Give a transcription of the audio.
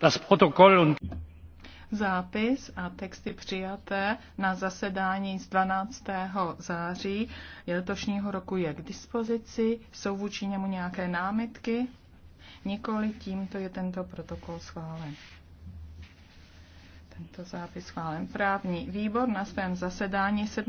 Das Protokoll und Zápis a texty přijaté na zasedání z 12. září letošního roku je k dispozici. Jsou vůči němu nějaké námitky? Nikoli tímto je tento protokol schválen. Tento zápis schválen. Právní výbor na svém zasedání 7.